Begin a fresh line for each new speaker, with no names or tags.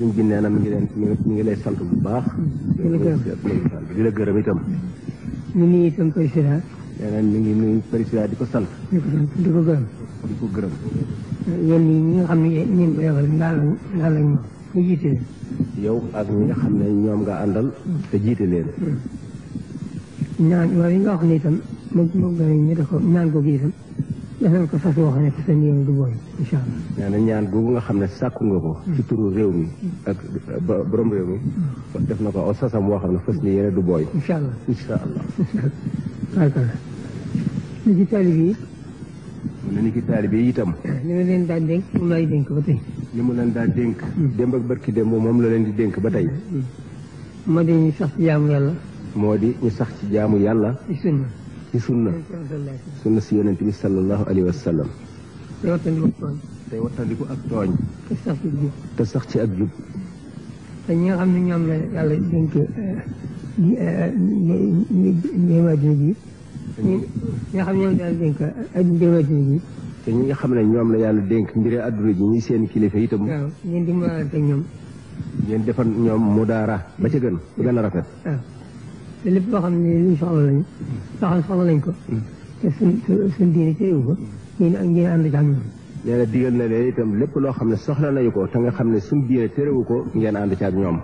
sëriñ bi nee na mi ngi leen mi lay sant bu baax. di la gërëm itam.
ñu ngi itam président.
nee na ngi nuyu président di ko sant.
di ko sant di ko gërëm. di ko gërëm. yéen ñi nga xam ne ñu
yow ak ñi nga ñoom nga àndal. te jiite leen. Hmm.
ñaan waaye nga wax ne itam moom moom nga ne ñu def ko ñaan itam. danañ ko fas yoo xam ne seen yoon du booy incha
allah. ñaan googu nga xam ne sàkku nga ko. ci turu réew mi. ak borom réew mi. def na ko aw sasam boo xam ne fas ni yéene du booy. incha allah incha allah.
waaw li ci itam. li leen daal dénk li mu
leen daal dénk. démb ak barki démb moom la leen di dénk ba tey.
moo di ñu sax ci jaamu yàlla.
moo di ñu sax ci jaamu yàlla. ci sunna. ci sunna sunna si yonent bi sallallahu alayhi wa sallam
tey
wattandiku ak tooñ te sax ci jub te sax ci ak jub
te ñi nga xam ne ñoom la yàlla dénk eh, eh, njéem àddina xam ne ñoom la yàlla dénk njéem ji
te ñi nga xam ne ñoom la yàlla dénk mbiri àdduna ji ñi seen kilifa itam waaw ngeen dimbalante ñoom ngeen daara ba ca gën ba gën a rafet
te lépp loo xam ne luñ soxla lañu hmm. soxla soxla lañ ko hmm. te suñ suñ diine ko hmm. ñun ak ñeen ànd jaam ñoom
nee na digal na leen itam lépp loo xam ne soxla nañu ko te nga xam ne suñ diine terewu ko ngeen ànd ci ak ñoom